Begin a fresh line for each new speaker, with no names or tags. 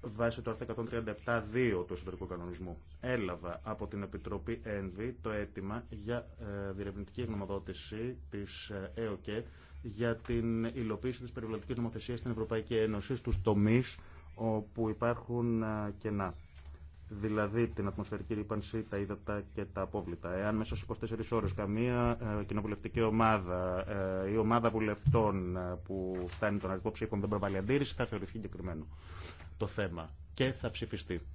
βάσει του άρθρου 137.2 του εσωτερικού κανονισμού. Έλαβα από την Επιτροπή ΕΝΒΗ το αίτημα για ε, διερευνητική γνωμοδότηση τη ε, ΕΟΚΕ για την υλοποίηση τη περιβαλλοντική νομοθεσία στην Ευρωπαϊκή Ένωση στους τομείς όπου υπάρχουν ε, κενά. Δηλαδή την ατμοσφαιρική ρήπανση, τα ύδατα και τα απόβλητα. Εάν μέσα σε 24 ώρε καμία κοινοβουλευτική ομάδα ή ομάδα βουλευτών που φτάνει τον αριθμό ψήφων δεν προβάλλει αντίρρηση, θα θεωρηθεί εγκεκριμένο το θέμα και θα ψηφιστεί.